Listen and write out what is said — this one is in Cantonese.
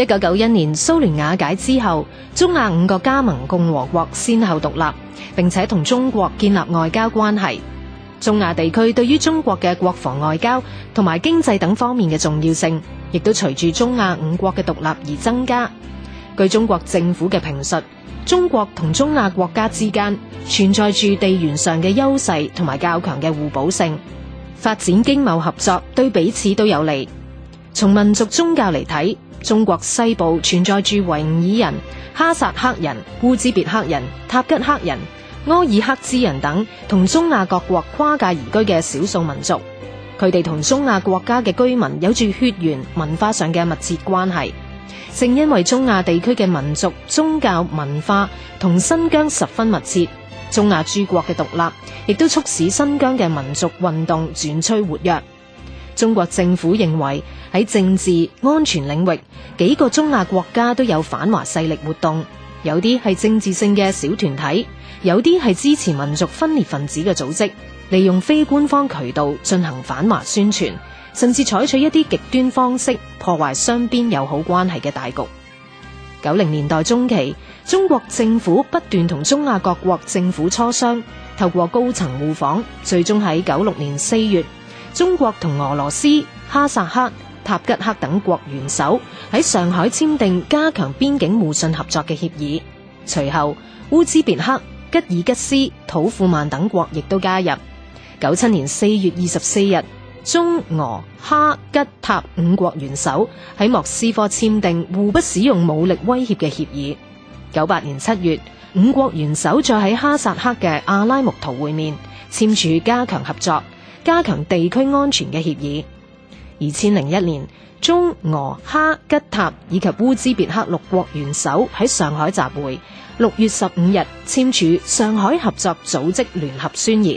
一九九一年蘇聯瓦解之後，中亞五個加盟共和國先後獨立，並且同中國建立外交關係。中亞地區對於中國嘅國防、外交同埋經濟等方面嘅重要性，亦都隨住中亞五國嘅獨立而增加。據中國政府嘅評述，中國同中亞國家之間存在住地緣上嘅優勢同埋較強嘅互補性，發展經貿合作對彼此都有利。從民族宗教嚟睇，中國西部存在住維吾爾人、哈薩克人、烏茲別克人、塔吉克人、柯爾克孜人等同中亞各國跨界移居嘅少數民族。佢哋同中亞國家嘅居民有住血緣、文化上嘅密切關係。正因為中亞地區嘅民族、宗教、文化同新疆十分密切，中亞諸國嘅獨立亦都促使新疆嘅民族運動轉趨活躍。中國政府認為。喺政治安全領域，幾個中亞國家都有反華勢力活動，有啲係政治性嘅小團體，有啲係支持民族分裂分子嘅組織，利用非官方渠道進行反華宣傳，甚至採取一啲極端方式破壞雙邊友好關係嘅大局。九零年代中期，中國政府不斷同中亞各國政府磋商，透過高層互訪，最終喺九六年四月，中國同俄羅斯、哈薩克。塔吉克等國元首喺上海簽訂加強邊境互信合作嘅協議，隨後烏茲別克、吉爾吉斯、土庫曼等國亦都加入。九七年四月二十四日，中俄哈吉塔五國元首喺莫斯科簽訂互不使用武力威脅嘅協議。九八年七月，五國元首再喺哈薩克嘅阿拉木圖會面，簽署加強合作、加強地區安全嘅協議。二千零一年，中俄哈吉塔以及烏茲別克六國元首喺上海集會，六月十五日簽署《上海合作組織聯合宣言》。